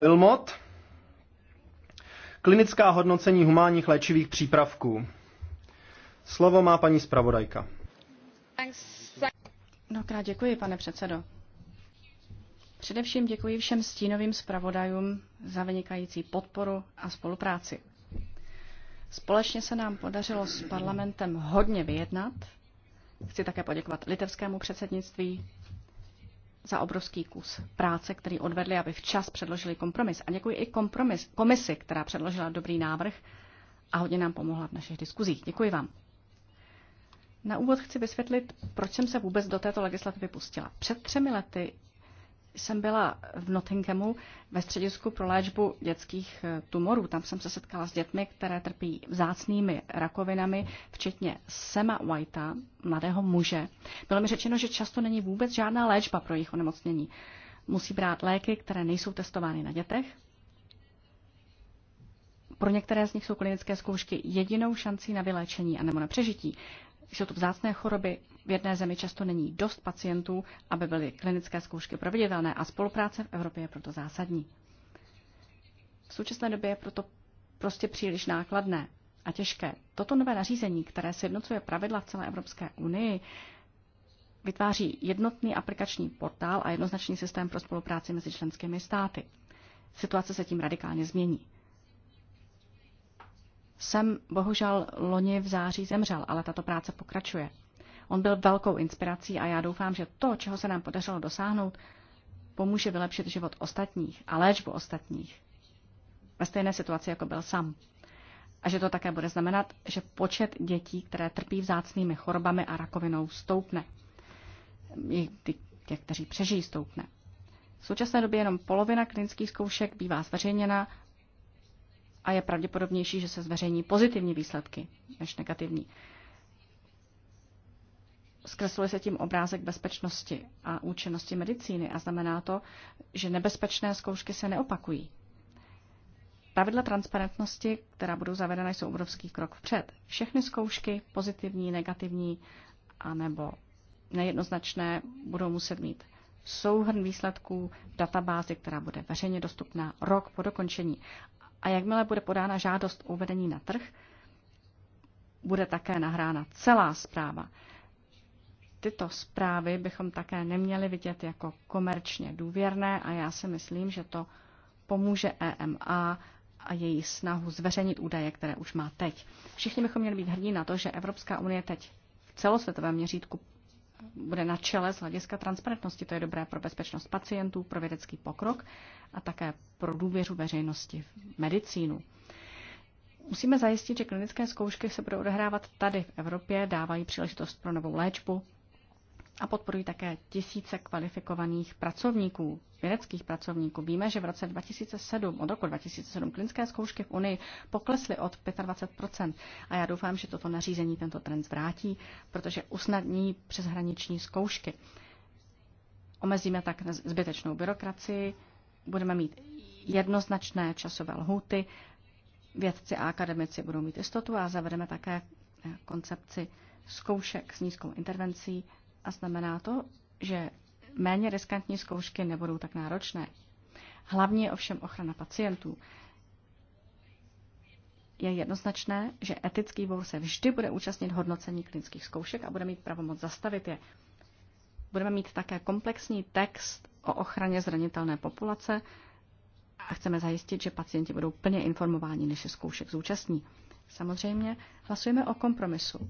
Wilmot. Klinická hodnocení humánních léčivých přípravků. Slovo má paní zpravodajka. Mnohokrát děkuji, pane předsedo. Především děkuji všem stínovým zpravodajům za vynikající podporu a spolupráci. Společně se nám podařilo s parlamentem hodně vyjednat. Chci také poděkovat litevskému předsednictví, za obrovský kus práce, který odvedli, aby včas předložili kompromis. A děkuji i kompromis, komisi, která předložila dobrý návrh a hodně nám pomohla v našich diskuzích. Děkuji vám. Na úvod chci vysvětlit, proč jsem se vůbec do této legislativy pustila. Před třemi lety jsem byla v Nottinghamu ve středisku pro léčbu dětských eh, tumorů. Tam jsem se setkala s dětmi, které trpí vzácnými rakovinami, včetně Sema Whitea, mladého muže. Bylo mi řečeno, že často není vůbec žádná léčba pro jejich onemocnění. Musí brát léky, které nejsou testovány na dětech. Pro některé z nich jsou klinické zkoušky jedinou šancí na vyléčení a nebo na přežití. Jsou to vzácné choroby, v jedné zemi často není dost pacientů, aby byly klinické zkoušky proveditelné a spolupráce v Evropě je proto zásadní. V současné době je proto prostě příliš nákladné a těžké. Toto nové nařízení, které sjednocuje pravidla v celé Evropské unii, vytváří jednotný aplikační portál a jednoznačný systém pro spolupráci mezi členskými státy. Situace se tím radikálně změní. Jsem bohužel loni v září zemřel, ale tato práce pokračuje. On byl velkou inspirací a já doufám, že to, čeho se nám podařilo dosáhnout, pomůže vylepšit život ostatních a léčbu ostatních. Ve stejné situaci, jako byl sám. A že to také bude znamenat, že počet dětí, které trpí vzácnými chorobami a rakovinou, stoupne. I ty, tě, kteří přežijí, stoupne. V současné době jenom polovina klinických zkoušek bývá zveřejněna a je pravděpodobnější, že se zveřejní pozitivní výsledky než negativní. Zkresluje se tím obrázek bezpečnosti a účinnosti medicíny a znamená to, že nebezpečné zkoušky se neopakují. Pravidla transparentnosti, která budou zavedena, jsou obrovský krok vpřed. Všechny zkoušky, pozitivní, negativní a nebo nejednoznačné, budou muset mít souhrn výsledků v databázi, která bude veřejně dostupná rok po dokončení a jakmile bude podána žádost o uvedení na trh, bude také nahrána celá zpráva. Tyto zprávy bychom také neměli vidět jako komerčně důvěrné a já si myslím, že to pomůže EMA a její snahu zveřejnit údaje, které už má teď. Všichni bychom měli být hrdí na to, že Evropská unie teď v celosvětovém měřítku bude na čele z hlediska transparentnosti. To je dobré pro bezpečnost pacientů, pro vědecký pokrok a také pro důvěru veřejnosti v medicínu. Musíme zajistit, že klinické zkoušky se budou odehrávat tady v Evropě, dávají příležitost pro novou léčbu, a podporují také tisíce kvalifikovaných pracovníků, vědeckých pracovníků. Víme, že v roce 2007, od roku 2007, klinické zkoušky v Unii poklesly od 25 a já doufám, že toto nařízení tento trend zvrátí, protože usnadní přeshraniční zkoušky. Omezíme tak zbytečnou byrokracii, budeme mít jednoznačné časové lhuty, vědci a akademici budou mít jistotu a zavedeme také koncepci zkoušek s nízkou intervencí a znamená to, že méně riskantní zkoušky nebudou tak náročné. Hlavně je ovšem ochrana pacientů. Je jednoznačné, že etický výbor se vždy bude účastnit hodnocení klinických zkoušek a bude mít pravomoc zastavit je. Budeme mít také komplexní text o ochraně zranitelné populace a chceme zajistit, že pacienti budou plně informováni, než se zkoušek zúčastní. Samozřejmě hlasujeme o kompromisu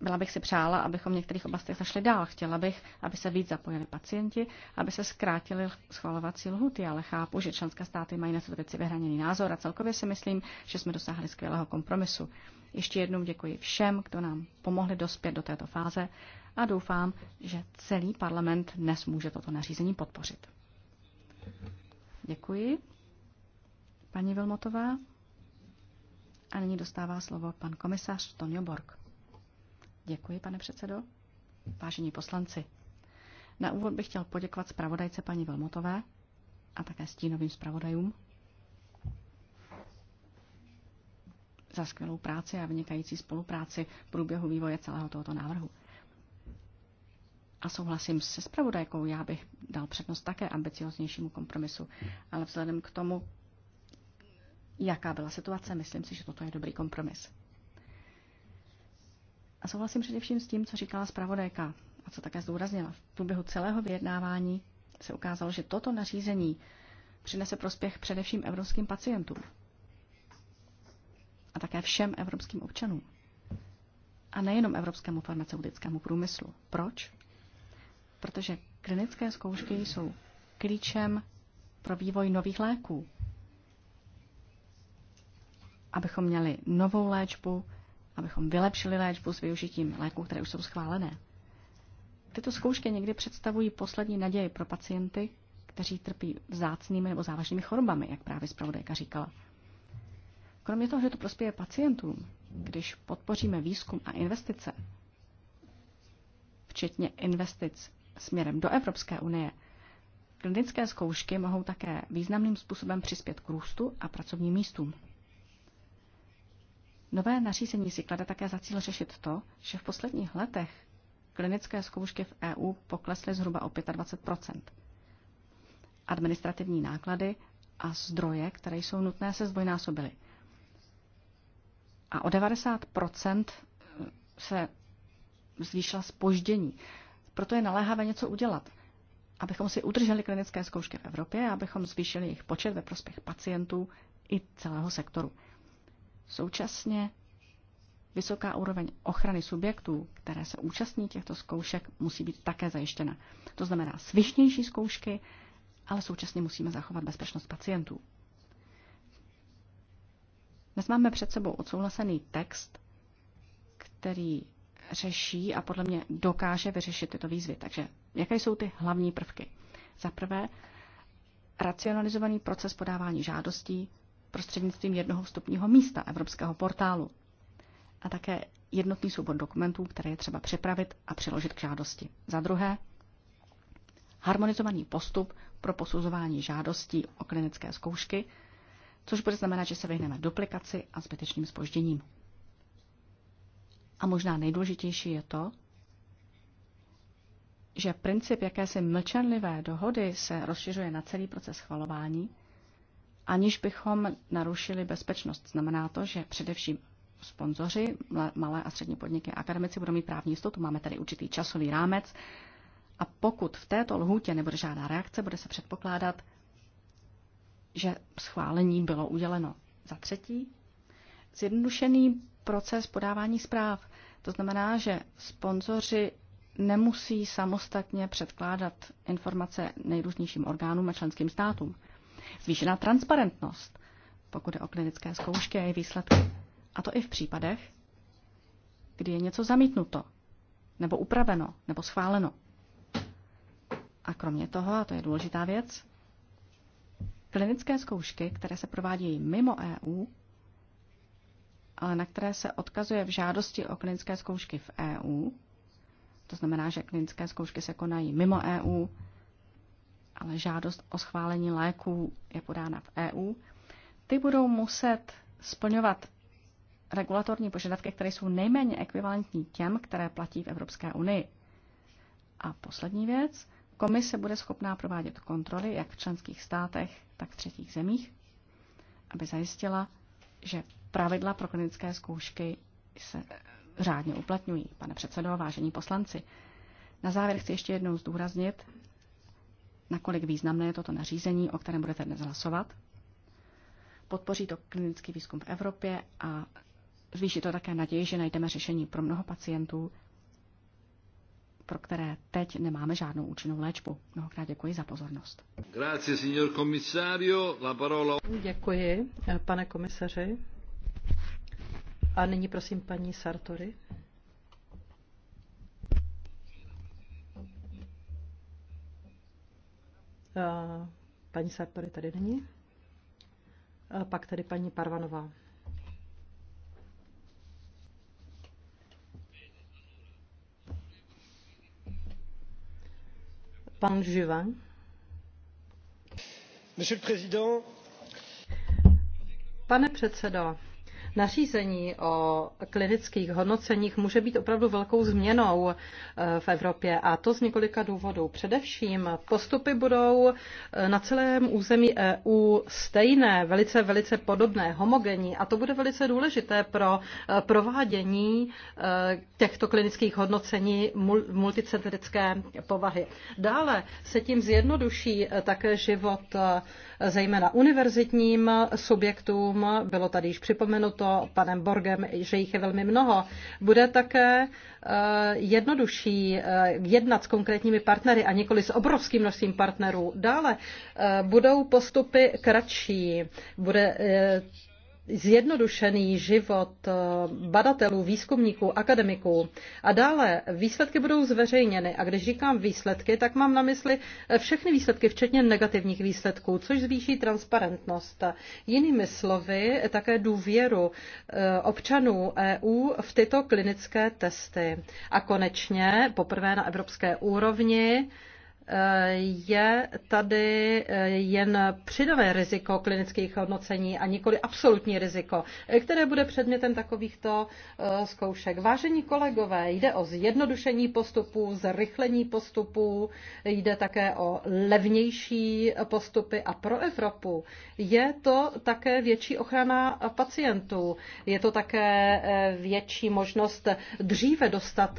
byla bych si přála, abychom v některých oblastech zašli dál. Chtěla bych, aby se víc zapojili pacienti, aby se zkrátily schvalovací lhuty, ale chápu, že členské státy mají na tyto věci vyhraněný názor a celkově si myslím, že jsme dosáhli skvělého kompromisu. Ještě jednou děkuji všem, kdo nám pomohli dospět do této fáze a doufám, že celý parlament dnes může toto nařízení podpořit. Děkuji. Paní Vilmotová. A nyní dostává slovo pan komisař Tonio Borg. Děkuji, pane předsedo. Vážení poslanci, na úvod bych chtěl poděkovat zpravodajce paní Velmotové a také stínovým zpravodajům za skvělou práci a vynikající spolupráci v průběhu vývoje celého tohoto návrhu. A souhlasím se spravodajkou, já bych dal přednost také ambicioznějšímu kompromisu, ale vzhledem k tomu, jaká byla situace, myslím si, že toto je dobrý kompromis. A souhlasím především s tím, co říkala zpravodajka a co také zdůraznila. V průběhu celého vyjednávání se ukázalo, že toto nařízení přinese prospěch především evropským pacientům a také všem evropským občanům. A nejenom evropskému farmaceutickému průmyslu. Proč? Protože klinické zkoušky jsou klíčem pro vývoj nových léků. Abychom měli novou léčbu, abychom vylepšili léčbu s využitím léků, které už jsou schválené. Tyto zkoušky někdy představují poslední naději pro pacienty, kteří trpí vzácnými nebo závažnými chorobami, jak právě zpravodajka říkala. Kromě toho, že to prospěje pacientům, když podpoříme výzkum a investice, včetně investic směrem do Evropské unie, klinické zkoušky mohou také významným způsobem přispět k růstu a pracovním místům. Nové nařízení si klade také za cíl řešit to, že v posledních letech klinické zkoušky v EU poklesly zhruba o 25 Administrativní náklady a zdroje, které jsou nutné, se zdvojnásobily. A o 90 se zvýšila spoždění. Proto je naléhavé něco udělat, abychom si udrželi klinické zkoušky v Evropě a abychom zvýšili jejich počet ve prospěch pacientů i celého sektoru. Současně vysoká úroveň ochrany subjektů, které se účastní těchto zkoušek, musí být také zajištěna. To znamená svišnější zkoušky, ale současně musíme zachovat bezpečnost pacientů. Dnes máme před sebou odsouhlasený text, který řeší a podle mě dokáže vyřešit tyto výzvy. Takže jaké jsou ty hlavní prvky? Za prvé, racionalizovaný proces podávání žádostí, prostřednictvím jednoho vstupního místa Evropského portálu a také jednotný soubor dokumentů, které je třeba připravit a přiložit k žádosti. Za druhé, harmonizovaný postup pro posuzování žádostí o klinické zkoušky, což bude znamenat, že se vyhneme duplikaci a zbytečným spožděním. A možná nejdůležitější je to, že princip jakési mlčenlivé dohody se rozšiřuje na celý proces schvalování aniž bychom narušili bezpečnost. Znamená to, že především sponzoři, malé a střední podniky a akademici budou mít právní jistotu. Máme tady určitý časový rámec a pokud v této lhůtě nebude žádná reakce, bude se předpokládat, že schválení bylo uděleno. Za třetí, zjednodušený proces podávání zpráv. To znamená, že sponzoři nemusí samostatně předkládat informace nejrůznějším orgánům a členským státům zvýšená transparentnost, pokud je o klinické zkoušky a její výsledky. A to i v případech, kdy je něco zamítnuto, nebo upraveno, nebo schváleno. A kromě toho, a to je důležitá věc, klinické zkoušky, které se provádějí mimo EU, ale na které se odkazuje v žádosti o klinické zkoušky v EU, to znamená, že klinické zkoušky se konají mimo EU, ale žádost o schválení léků je podána v EU, ty budou muset splňovat regulatorní požadavky, které jsou nejméně ekvivalentní těm, které platí v Evropské unii. A poslední věc, komise bude schopná provádět kontroly jak v členských státech, tak v třetích zemích, aby zajistila, že pravidla pro klinické zkoušky se řádně uplatňují. Pane předsedo, vážení poslanci, na závěr chci ještě jednou zdůraznit, nakolik významné je toto nařízení, o kterém budete dnes hlasovat. Podpoří to klinický výzkum v Evropě a zvýší to také naději, že najdeme řešení pro mnoho pacientů, pro které teď nemáme žádnou účinnou léčbu. Mnohokrát děkuji za pozornost. Grazie, signor commissario. La parola... Děkuji, pane komisaři. A nyní prosím paní Sartori. Eh, paní Sartori tady není. Eh, pak tady paní Parvanová. Pan Živin. Pane předsedo, Nařízení o klinických hodnoceních může být opravdu velkou změnou eh, v Evropě a to z několika důvodů. Především postupy budou eh, na celém území EU stejné, velice, velice podobné, homogenní a to bude velice důležité pro eh, provádění těchto klinických hodnocení multicentrické povahy. Dále se tím zjednoduší také život zejména univerzitním subjektům, bylo tady již připomenuto, panem Borgem, že jich je velmi mnoho, bude také eh, jednodušší eh, jednat s konkrétními partnery a nikoli s obrovským množstvím partnerů. Dále eh, budou postupy kratší, bude zjednodušený život eh, badatelů, výzkumníků, akademiků. A dále výsledky budou zveřejněny. A když říkám výsledky, tak mám na mysli eh, všechny výsledky, včetně negativních výsledků, což zvýší transparentnost. Jinými slovy, také důvěru eh, občanů EU v tyto klinické testy. A konečně, poprvé na evropské úrovni, je tady eh, jen přidané riziko klinických hodnocení a nikoli absolutní riziko, které bude předmětem takovýchto eh, zkoušek. Vážení kolegové, jde o zjednodušení postupů, zrychlení postupů, jde také o levnější postupy a pro Evropu je to také větší ochrana pacientů, je to také eh, větší možnost dříve dostat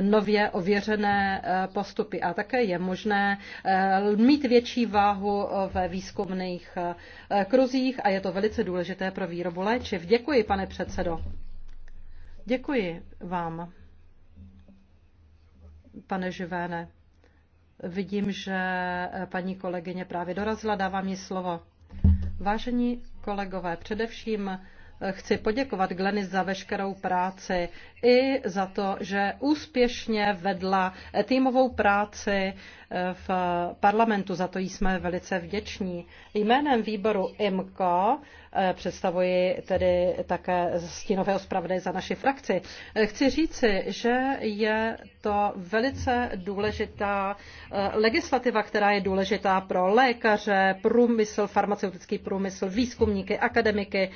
nově ověřené postupy a také je možné eh, mít větší váhu eh, ve výzkumných eh, kruzích a je to velice důležité pro výrobu léčiv. Děkuji, pane předsedo. Děkuji vám, pane Živéne. Vidím, že paní kolegyně právě dorazila, dávám jí slovo. Vážení kolegové, především Chci poděkovat Glenis za veškerou práci i za to, že úspěšně vedla týmovou práci eh, v parlamentu. Za to jsme velice vděční. Jménem výboru IMCO Eh, představuji tedy také stínového zpravodaje za naši frakci. Eh, chci říci, že je to velice důležitá eh, legislativa, která je důležitá pro lékaře, průmysl, farmaceutický průmysl, výzkumníky, akademiky,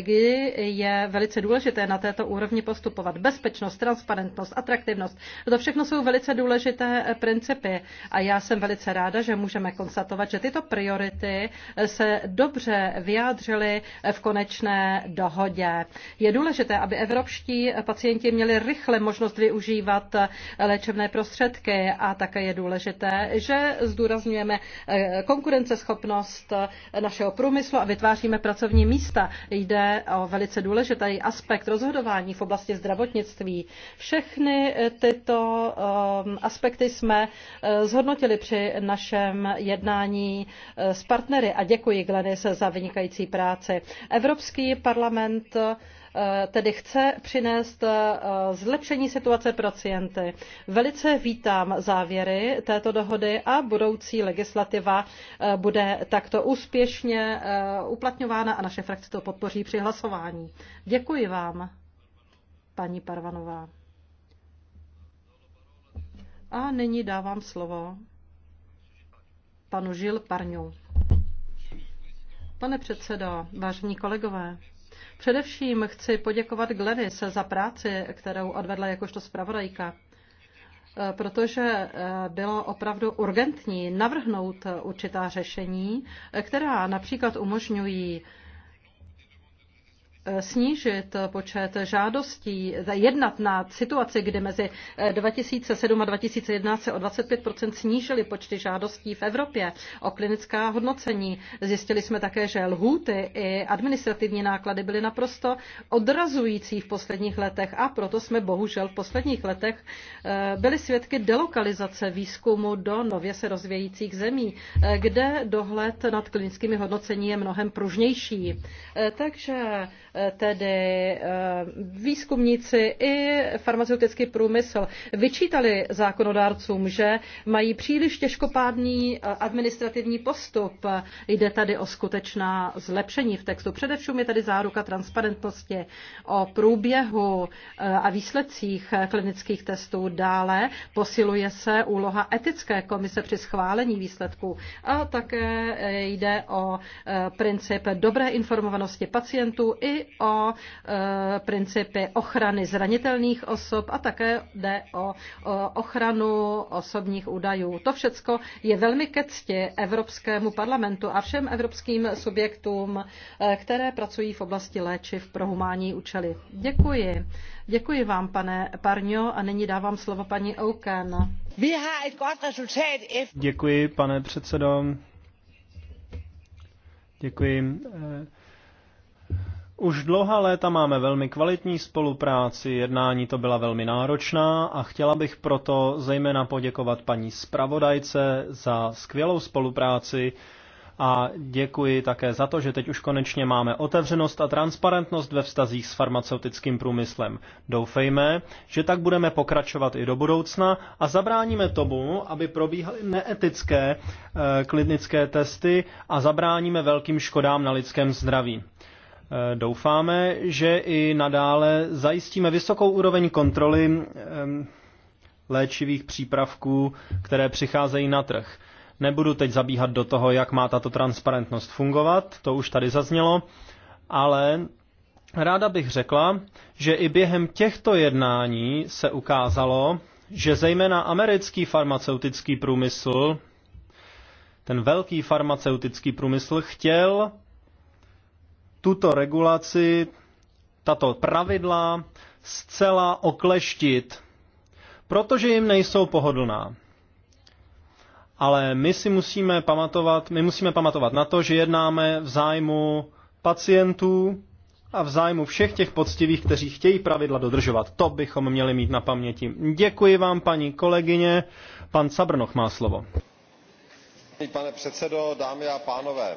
kdy je velice důležité na této úrovni postupovat. Bezpečnost, transparentnost, atraktivnost, to všechno jsou velice důležité principy a já jsem velice ráda, že můžeme konstatovat, že tyto priority se dobře vyjádří vyjádřili v konečné dohodě. Je důležité, aby evropští pacienti měli rychle možnost využívat léčebné prostředky a také je důležité, že zdůrazňujeme eh, konkurenceschopnost našeho průmyslu a vytváříme pracovní místa. Jde o velice důležitý aspekt rozhodování v oblasti zdravotnictví. Všechny tyto eh, aspekty jsme eh, zhodnotili při našem jednání s partnery a děkuji Glenis za vynikající vynikající práci. Evropský parlament eh, tedy chce přinést eh, zlepšení situace pacienty. Velice vítám závěry této dohody a budoucí legislativa eh, bude takto úspěšně uplatňována a naše frakce to podpoří při hlasování. Děkuji vám, paní Parvanová. A nyní dávám slovo panu Žil Parňou. Pane předsedo, vážení kolegové, především chci poděkovat Glenis za práci, kterou odvedla jakožto zpravodajka protože eh, bylo opravdu urgentní navrhnout určitá řešení, eh, která například umožňují snížit počet žádostí, jednat na situaci, kdy mezi 2007 a 2011 se o 25 snížily počty žádostí v Evropě o klinická hodnocení. Zjistili jsme také, že lhůty i administrativní náklady byly naprosto odrazující v posledních letech a proto jsme bohužel v posledních letech eh, byli svědky delokalizace výzkumu do nově se rozvějících zemí, eh, kde dohled nad klinickými hodnocení je mnohem pružnější. Eh, takže tedy eh, výzkumníci i farmaceutický průmysl vyčítali zákonodárcům, že mají příliš těžkopádný eh, administrativní postup. Jde tady o skutečná zlepšení v textu. Především je tady záruka transparentnosti o průběhu eh, a výsledcích klinických testů. Dále posiluje se úloha etické komise při schválení výsledků a také jde o princip dobré informovanosti pacientů i o o eh, principy ochrany zranitelných osob a také jde o ochranu osobních údajů. To všecko je velmi ke cti Evropskému parlamentu a všem evropským subjektům, eh, které pracují v oblasti léčiv pro humánní účely. Děkuji. Děkuji vám, pane Parňo, a nyní dávám slovo paní Ouken. Děkuji, pane předsedo. Děkuji. Eh, už dlouhá léta máme velmi kvalitní spolupráci, jednání to byla velmi náročná a chtěla bych proto zejména poděkovat paní zpravodajce za skvělou spolupráci a děkuji také za to, že teď už konečně máme otevřenost a transparentnost ve vztazích s farmaceutickým průmyslem. Doufejme, že tak budeme pokračovat i do budoucna a zabráníme tomu, aby probíhaly neetické e, klinické testy a zabráníme velkým škodám na lidském zdraví. Eh, doufáme, že i nadále zajistíme vysokou úroveň kontroly léčivých přípravků, které přicházejí na trh. Nebudu teď zabíhat do toho, jak má tato transparentnost fungovat, to už tady zaznělo, ale ráda bych řekla, že i během těchto jednání se ukázalo, že zejména americký farmaceutický průmysl, ten velký farmaceutický průmysl, chtěl tuto regulaci, tato pravidla zcela okleštit, protože jim nejsou pohodlná. Ale my si musíme pamatovat, my musíme pamatovat na to, že jednáme v zájmu pacientů a v zájmu všech těch poctivých, kteří chtějí pravidla dodržovat. To bychom měli mít na paměti. Děkuji vám, paní kolegyně. Pan Sabrnoch má slovo. Pane předsedo, dámy a pánové,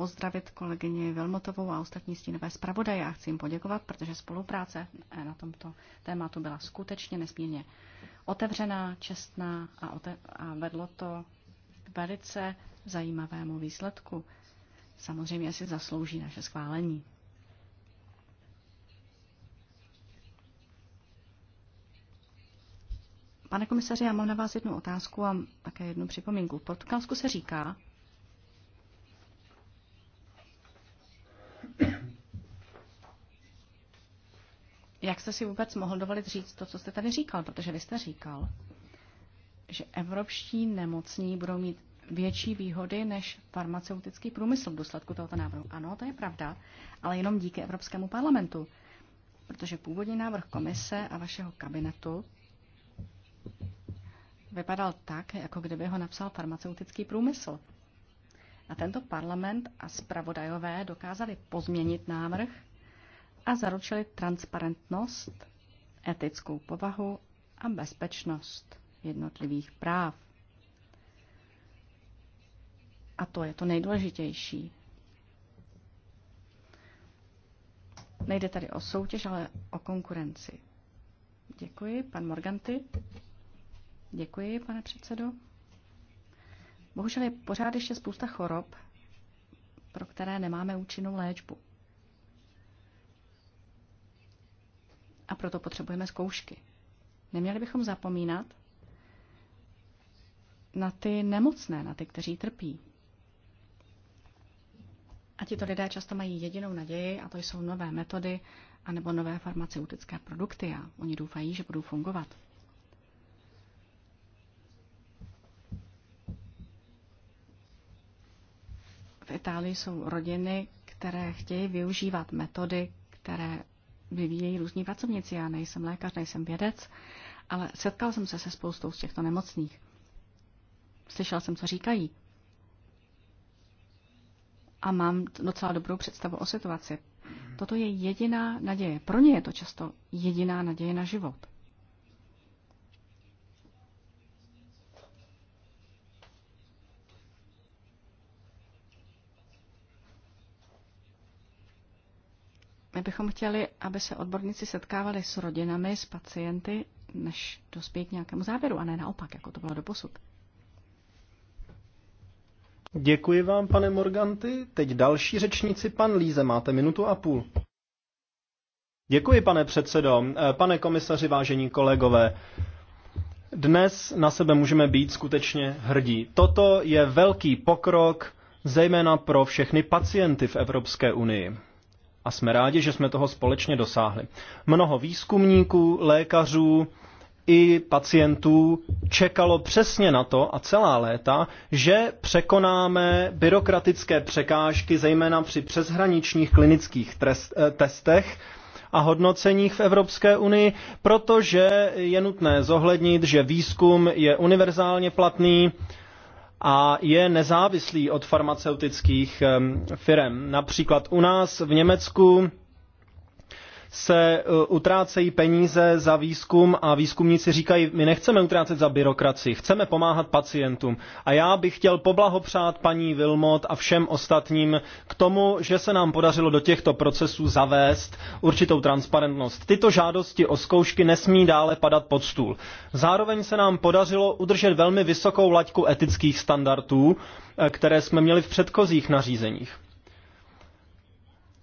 pozdravit kolegyně Velmotovou a ostatní stínové zpravodaje a chci jim poděkovat, protože spolupráce na tomto tématu byla skutečně nesmírně otevřená, čestná a, ote- a vedlo to k velice zajímavému výsledku. Samozřejmě si zaslouží naše schválení. Pane komisaři, já mám na vás jednu otázku a také jednu připomínku. V Portugalsku se říká, Jak jste si vůbec mohl dovolit říct to, co jste tady říkal? Protože vy jste říkal, že evropští nemocní budou mít větší výhody než farmaceutický průmysl v důsledku tohoto návrhu. Ano, to je pravda, ale jenom díky Evropskému parlamentu, protože původní návrh komise a vašeho kabinetu vypadal tak, jako kdyby ho napsal farmaceutický průmysl. A tento parlament a zpravodajové dokázali pozměnit návrh a zaručili transparentnost, etickou povahu a bezpečnost jednotlivých práv. A to je to nejdůležitější. Nejde tady o soutěž, ale o konkurenci. Děkuji, pan Morganty. Děkuji, pane předsedo. Bohužel je pořád ještě spousta chorob, pro které nemáme účinnou léčbu. a proto potřebujeme zkoušky. Neměli bychom zapomínat na ty nemocné, na ty, kteří trpí. A tito lidé často mají jedinou naději, a to jsou nové metody anebo nové farmaceutické produkty a oni doufají, že budou fungovat. V Itálii jsou rodiny, které chtějí využívat metody, které vyvíjejí různí pracovníci. Já nejsem lékař, nejsem vědec, ale setkal jsem se se spoustou z těchto nemocných. Slyšel jsem, co říkají. A mám docela dobrou představu o situaci. Toto je jediná naděje. Pro ně je to často jediná naděje na život. My bychom chtěli, aby se odborníci setkávali s rodinami, s pacienty, než dospějí k nějakému závěru, a ne naopak, jako to bylo do posud. Děkuji vám, pane Morganty. Teď další řečníci, pan Líze, máte minutu a půl. Děkuji, pane předsedo. Pane komisaři, vážení kolegové, dnes na sebe můžeme být skutečně hrdí. Toto je velký pokrok, zejména pro všechny pacienty v Evropské unii a jsme rádi, že jsme toho společně dosáhli. Mnoho výzkumníků, lékařů i pacientů čekalo přesně na to a celá léta, že překonáme byrokratické překážky, zejména při přeshraničních klinických trest, eh, testech, a hodnoceních v Evropské unii, protože je nutné zohlednit, že výzkum je univerzálně platný, a je nezávislý od farmaceutických firm. Například u nás v Německu se eh, utrácejí peníze za výzkum a výzkumníci říkají, my nechceme utrácet za byrokracii, chceme pomáhat pacientům. A já bych chtěl poblahopřát paní Vilmot a všem ostatním k tomu, že se nám podařilo do těchto procesů zavést určitou transparentnost. Tyto žádosti o zkoušky nesmí dále padat pod stůl. Zároveň se nám podařilo udržet velmi vysokou laťku etických standardů, eh, které jsme měli v předchozích nařízeních.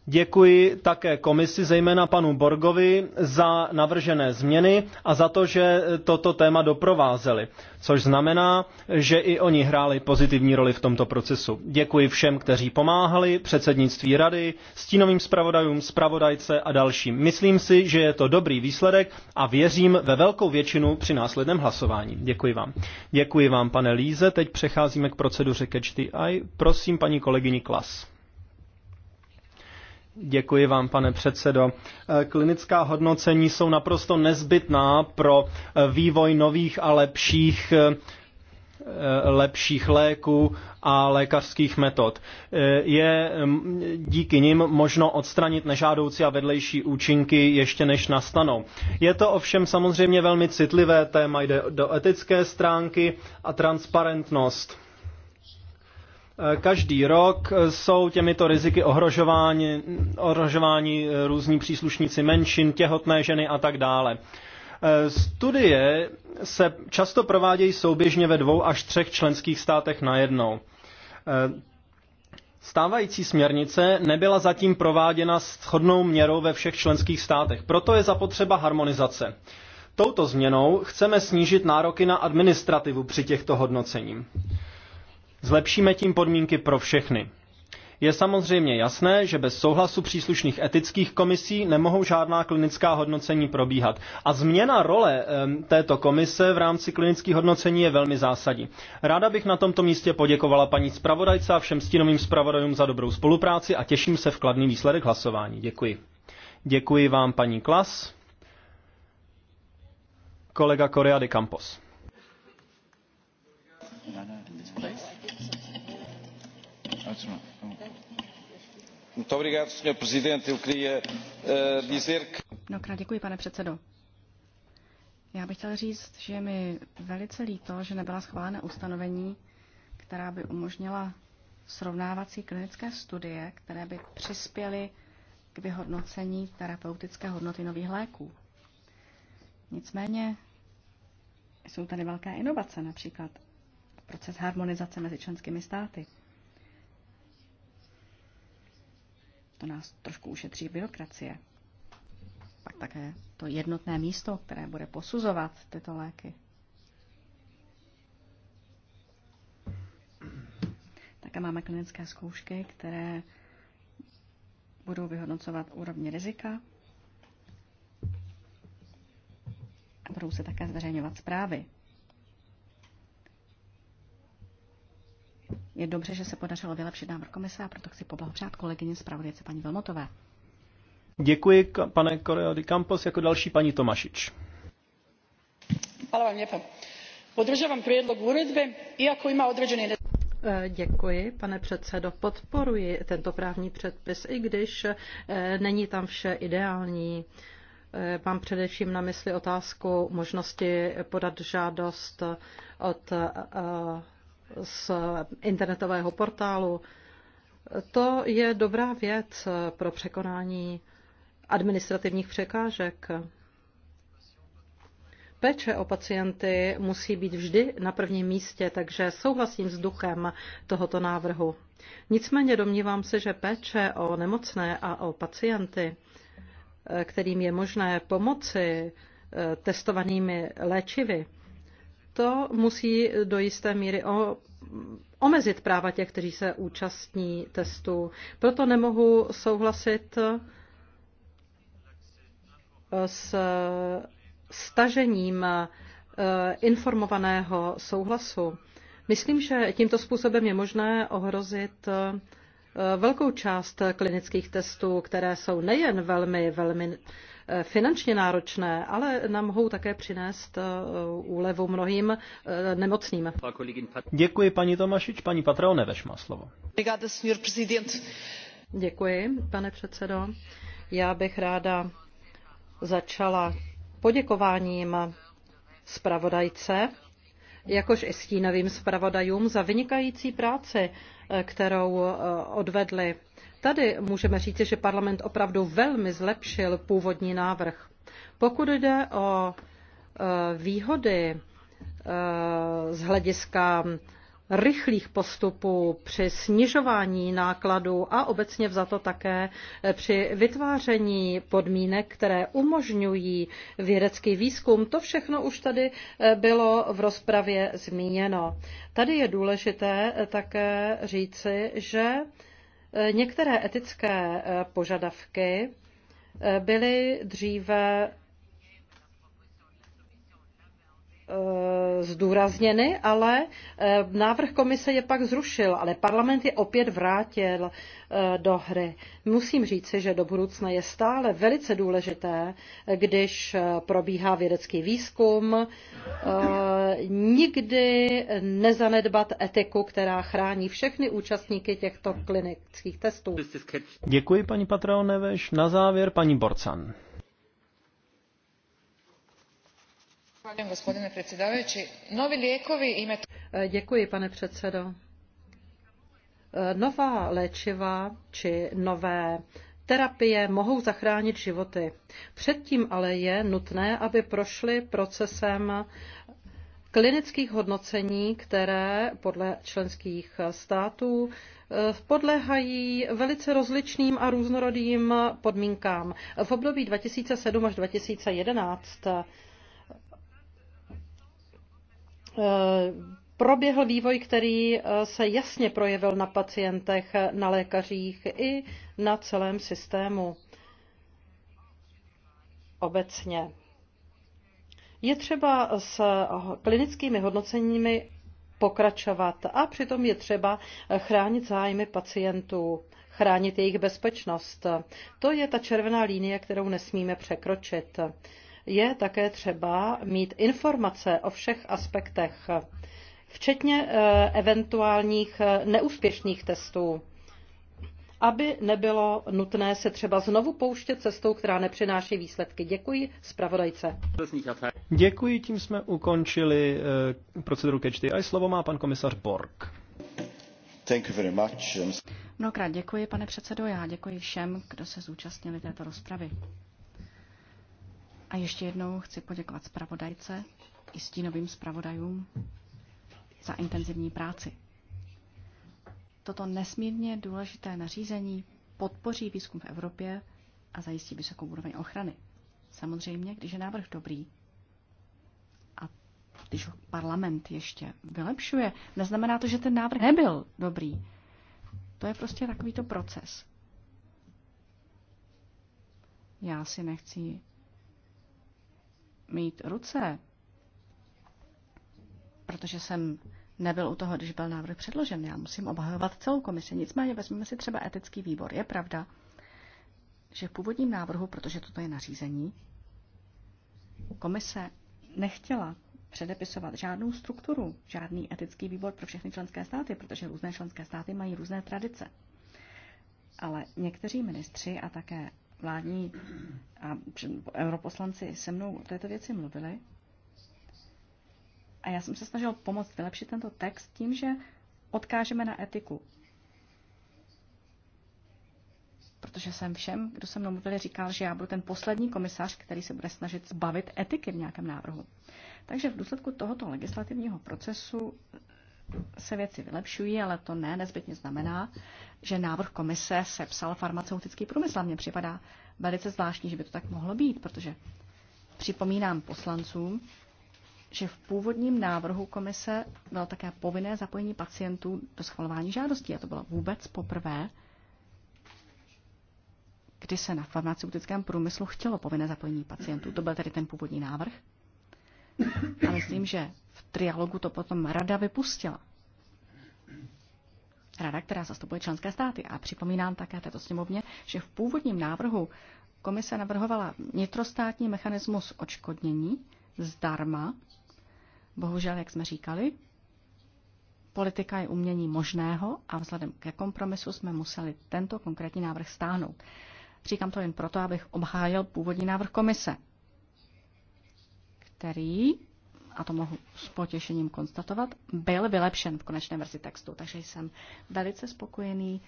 Děkuji také komisi, zejména panu Borgovi, za navržené změny a za to, že toto téma doprovázeli, což znamená, že i oni hráli pozitivní roli v tomto procesu. Děkuji všem, kteří pomáhali, předsednictví rady, stínovým zpravodajům, zpravodajce a dalším. Myslím si, že je to dobrý výsledek a věřím ve velkou většinu při následném hlasování. Děkuji vám. Děkuji vám, pane Líze. Teď přecházíme k proceduře Catch the Eye. Prosím, paní kolegyni Klas. Děkuji vám, pane předsedo. Eh, klinická hodnocení jsou naprosto nezbytná pro eh, vývoj nových a lepších eh, lepších léků a lékařských metod. Je mm, díky nim možno odstranit nežádoucí a vedlejší účinky ještě než nastanou. Je to ovšem samozřejmě velmi citlivé téma, jde do etické stránky a transparentnost Eh, každý rok eh, jsou těmito riziky ohrožováni, ohrožováni eh, různí příslušníci menšin, těhotné ženy a tak dále. Studie se často provádějí souběžně ve dvou až třech členských státech najednou. Stávající směrnice nebyla zatím prováděna shodnou měrou ve všech členských státech, proto je zapotřeba harmonizace. Touto změnou chceme snížit nároky na administrativu při těchto hodnoceních. Zlepšíme tím podmínky pro všechny. Je samozřejmě jasné, že bez souhlasu příslušných etických komisí nemohou žádná klinická hodnocení probíhat. A změna role této komise v rámci klinických hodnocení je velmi zásadní. Ráda bych na tomto místě poděkovala paní zpravodajce a všem stínovým zpravodajům za dobrou spolupráci a těším se kladný výsledek hlasování. Děkuji. Děkuji vám, paní Klas. Kolega Korea de Campos. ne, ne. Eh, děkuji, pane předsedající Já bych chtěl říct, že je mi velice líto, že nebyla schválena ustanovení, která by umožnila srovnávací klinické studie, které by přispěly k vyhodnocení terapeutické hodnoty nových léků. Nicméně jsou tady velké inovace, například proces harmonizace mezi členskými státy. To nás trošku ušetří byrokracie. Pak také to jednotné místo, které bude posuzovat tyto léky. Také máme klinické zkoušky, které budou vyhodnocovat úrovně rizika. A budou se také zveřejňovat zprávy Je dobře, že se podařilo vylepšit návrh komise a proto chci poblahopřát kolegyně pravodice paní Velmotové. Děkuji, pane Correo de Campos, jako další paní Tomašič. Hvala vám lijepa. Podržavam prijedlog uredbe, iako ima određeni e, Děkuji, pane předsedo. Podporuji tento právní předpis, i když e, není tam vše ideální. E, mám především na mysli otázku možnosti podat žádost od z internetového portálu. To je dobrá věc pro překonání administrativních překážek. Péče o pacienty musí být vždy na prvním místě, takže souhlasím s duchem tohoto návrhu. Nicméně domnívám se, že péče o nemocné a o pacienty, kterým je možné pomoci eh, testovanými léčivy, to musí do jisté míry o, omezit práva těch, kteří se účastní testu. Proto nemohu souhlasit eh, s stažením eh, informovaného souhlasu. Myslím, že tímto způsobem je možné ohrozit eh, velkou část klinických testů, které jsou nejen velmi, velmi finančně náročné, ale nám mohou také přinést e, úlevu mnohým e, nemocným. Děkuji paní Tomašič, paní Patreo Neveš má slovo. Děkuji, pane předsedo. Já bych ráda začala poděkováním zpravodajce, jakož i stínovým zpravodajům za vynikající práci, e, kterou odvedli Tady můžeme říci, že parlament opravdu velmi zlepšil původní návrh. Pokud jde o eh, výhody eh, z hlediska rychlých postupů při snižování nákladů a obecně vzato také eh, při vytváření podmínek, které umožňují vědecký výzkum. To všechno už tady bylo v rozpravě zmíněno. Tady je důležité také říci, že Některé etické eh, požadavky eh, byly dříve Eh, zdůrazněny, ale eh, návrh komise je pak zrušil, ale parlament je opět vrátil eh, do hry. Musím říci, že do budoucna je stále velice důležité, když probíhá vědecký výzkum, nikdy nezanedbat etiku, která chrání všechny účastníky těchto klinických testů. Děkuji paní Patrao Neveš. Na závěr paní Borcan. E, děkuji, pane předsedo. E, nová léčiva či nové terapie mohou zachránit životy. Předtím ale je nutné, aby prošly procesem klinických hodnocení, které podle členských států e, podléhají velice rozličným a různorodým podmínkám. V období 2007 až 2011 Eh, proběhl vývoj, který eh, se jasně projevil na pacientech, na lékařích i na celém systému obecně. Je třeba s eh, klinickými hodnoceními pokračovat a přitom je třeba chránit zájmy pacientů, chránit jejich bezpečnost. To je ta červená linie, kterou nesmíme překročit je také třeba mít informace o všech aspektech, včetně eh, eventuálních eh, neúspěšných testů aby nebylo nutné se třeba znovu pouštět cestou, která nepřináší výsledky. Děkuji, zpravodajce. Děkuji, tím jsme ukončili eh, proceduru Catch the A Slovo má pan komisař Borg. Thank you very much. Mnohokrát děkuji, pane předsedo. Já děkuji všem, kdo se zúčastnili této rozpravy. A ještě jednou chci poděkovat zpravodajce i stínovým zpravodajům za intenzivní práci. Toto nesmírně důležité nařízení podpoří výzkum v Evropě a zajistí vysokou úroveň ochrany. Samozřejmě, když je návrh dobrý a když ho parlament ještě vylepšuje, neznamená to, že ten návrh nebyl dobrý. To je prostě takovýto proces. Já si nechci mít ruce, protože jsem nebyl u toho, když byl návrh předložen. Já musím obhajovat celou komisi. Nicméně vezmeme si třeba etický výbor. Je pravda, že v původním návrhu, protože toto je nařízení, komise nechtěla předepisovat žádnou strukturu, žádný etický výbor pro všechny členské státy, protože různé členské státy mají různé tradice. Ale někteří ministři a také vládní a europoslanci se mnou o této věci mluvili. A já jsem se snažil pomoct vylepšit tento text tím, že odkážeme na etiku. Protože jsem všem, kdo se mnou mluvili, říkal, že já budu ten poslední komisař, který se bude snažit zbavit etiky v nějakém návrhu. Takže v důsledku tohoto legislativního procesu se věci vylepšují, ale to ne nezbytně znamená, že návrh komise sepsal farmaceutický průmysl. A mně připadá velice zvláštní, že by to tak mohlo být, protože připomínám poslancům, že v původním návrhu komise bylo také povinné zapojení pacientů do schvalování žádostí. A to bylo vůbec poprvé, kdy se na farmaceutickém průmyslu chtělo povinné zapojení pacientů. To byl tedy ten původní návrh. A myslím, že v trialogu to potom rada vypustila. Rada, která zastupuje členské státy. A připomínám také této sněmovně, že v původním návrhu komise navrhovala vnitrostátní mechanismus očkodnění zdarma. Bohužel, jak jsme říkali, politika je umění možného a vzhledem ke kompromisu jsme museli tento konkrétní návrh stáhnout. Říkám to jen proto, abych obhájil původní návrh komise který, a to mohu s potěšením konstatovat, byl vylepšen v konečné verzi textu. Takže jsem velice spokojený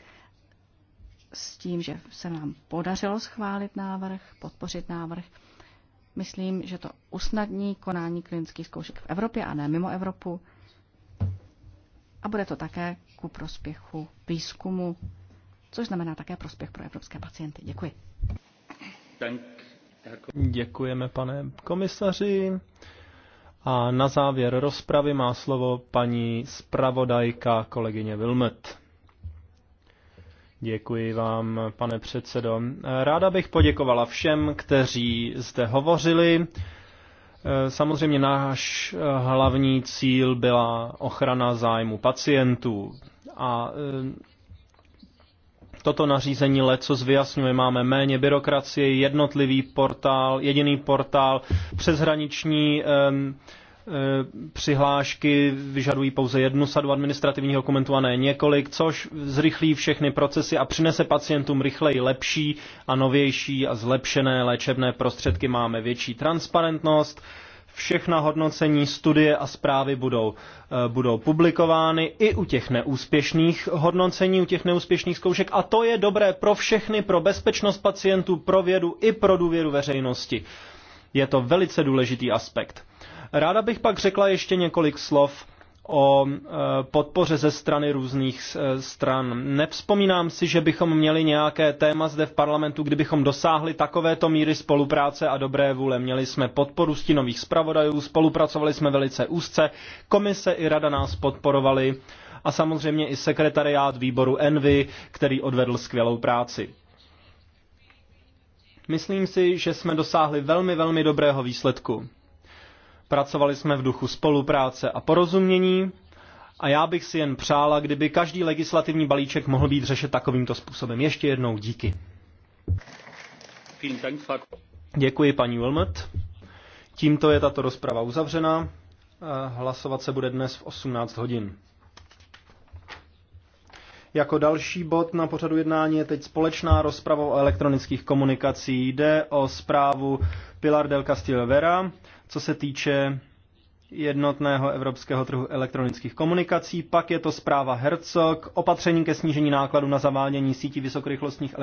s tím, že se nám podařilo schválit návrh, podpořit návrh. Myslím, že to usnadní konání klinických zkoušek v Evropě a ne mimo Evropu. A bude to také ku prospěchu výzkumu, což znamená také prospěch pro evropské pacienty. Děkuji. Dank. Děkujeme, pane komisaři. A na závěr rozpravy má slovo paní zpravodajka kolegyně Vilmet. Děkuji vám, pane předsedo. Ráda bych poděkovala všem, kteří zde hovořili. Samozřejmě náš hlavní cíl byla ochrana zájmu pacientů. A toto nařízení leco zvyjasňuje. Máme méně byrokracie, jednotlivý portál, jediný portál, přeshraniční um, přihlášky vyžadují pouze jednu sadu administrativních dokumentů a ne několik, což zrychlí všechny procesy a přinese pacientům rychleji lepší a novější a zlepšené léčebné prostředky. Máme větší transparentnost, Všechna hodnocení, studie a zprávy budou, eh, budou publikovány i u těch neúspěšných hodnocení, u těch neúspěšných zkoušek a to je dobré pro všechny, pro bezpečnost pacientů, pro vědu i pro důvěru veřejnosti. Je to velice důležitý aspekt. Ráda bych pak řekla ještě několik slov o eh, podpoře ze strany různých eh, stran. Nevzpomínám si, že bychom měli nějaké téma zde v parlamentu, kdybychom dosáhli takovéto míry spolupráce a dobré vůle. Měli jsme podporu stínových zpravodajů, spolupracovali jsme velice úzce, komise i rada nás podporovali a samozřejmě i sekretariát výboru Envy, který odvedl skvělou práci. Myslím si, že jsme dosáhli velmi, velmi dobrého výsledku. Pracovali jsme v duchu spolupráce a porozumění a já bych si jen přála, kdyby každý legislativní balíček mohl být řešen takovýmto způsobem. Ještě jednou díky. Děkuji paní Wilmot. Tímto je tato rozprava uzavřena. Hlasovat se bude dnes v 18 hodin. Jako další bod na pořadu jednání je teď společná rozprava o elektronických komunikací. Jde o zprávu Pilar del Castillo Vera, co se týče jednotného evropského trhu elektronických komunikací, pak je to zpráva Herzog, opatření ke snížení nákladů na zavádění sítí vysokorychlostních